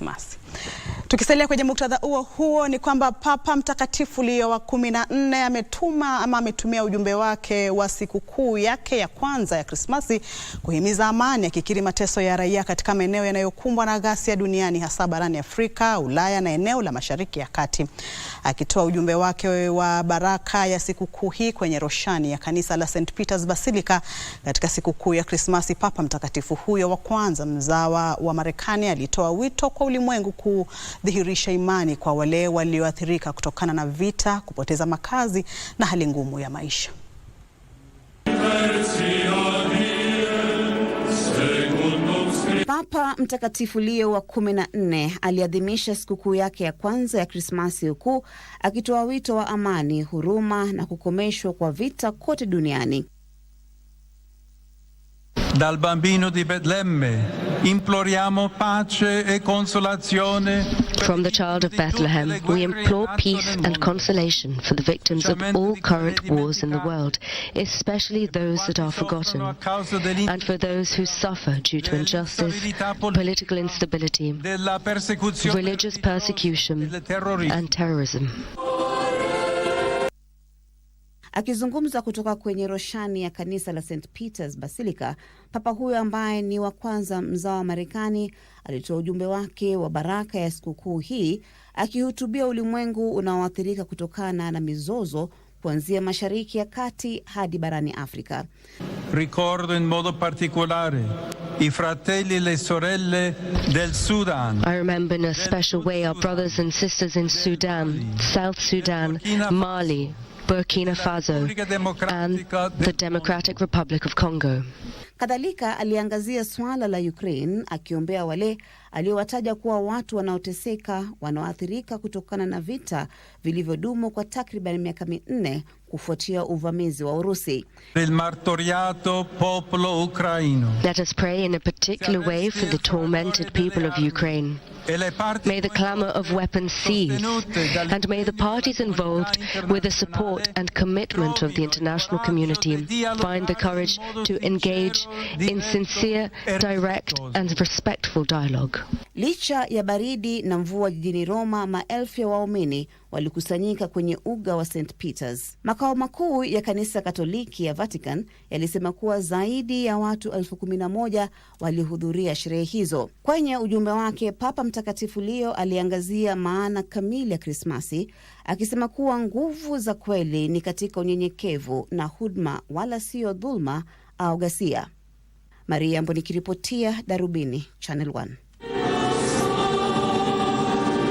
más. Tukisalia kwenye muktadha huo huo ni kwamba Papa Mtakatifu Leo wa kumi na nne ametuma ama ametumia ujumbe wake wa sikukuu yake ya kwanza ya Krismasi kuhimiza amani, akikiri mateso ya raia katika maeneo yanayokumbwa na ghasia duniani hasa barani Afrika, Ulaya na eneo la Mashariki ya Kati. Akitoa ujumbe wake wa baraka ya sikukuu hii kwenye roshani ya kanisa la St Peter's Basilica katika sikukuu ya Krismasi, Papa Mtakatifu huyo wa kwanza mzawa wa Marekani alitoa wito kwa ulimwengu kuu kudhihirisha imani kwa wale walioathirika kutokana na vita, kupoteza makazi na hali ngumu ya maisha. Papa Mtakatifu Leo wa kumi na nne aliadhimisha sikukuu yake ya kwanza ya Krismasi huku akitoa wito wa amani, huruma na kukomeshwa kwa vita kote duniani. dal bambino di Betlemme. Imploriamo pace e consolazione. From the child of Bethlehem, we implore peace and consolation for the victims of all current wars in the world, especially those that are forgotten, and for those who suffer due to injustice, political instability, religious persecution, and terrorism. Akizungumza kutoka kwenye roshani ya kanisa la St Peters Basilica, papa huyo ambaye ni wa kwanza mzao wa Marekani alitoa ujumbe wake wa baraka ya sikukuu hii, akihutubia ulimwengu unaoathirika kutokana na mizozo kuanzia Mashariki ya Kati hadi barani Afrika. Ricordo in modo particolare i fratelli e le sorelle del Sudan. I remember in a special way our brothers and sisters in Sudan, South Sudan, Mali, Burkina Faso and the Democratic Republic of Congo. Kadhalika aliangazia suala la Ukraine akiombea wale aliowataja kuwa watu wanaoteseka wanaoathirika kutokana na vita vilivyodumu kwa takriban miaka minne kufuatia uvamizi wa Urusi. Let us pray in a particular way for the tormented people of Ukraine. May the clamor of weapons cease, and may the parties involved, with the support and commitment of the international community, find the courage to engage in sincere, direct and respectful dialogue. Licha ya baridi na mvua jijini Roma, maelfu ya waumini walikusanyika kwenye uga wa St Peters. Makao makuu ya kanisa Katoliki ya Vatican yalisema kuwa zaidi ya watu elfu kumi na moja walihudhuria sherehe hizo. Kwenye ujumbe wake, Papa Mtakatifu Leo aliangazia maana kamili ya Krismasi akisema kuwa nguvu za kweli ni katika unyenyekevu na huduma, wala siyo dhuluma au ghasia. Maria Mboni nikiripotia Darubini Channel 1.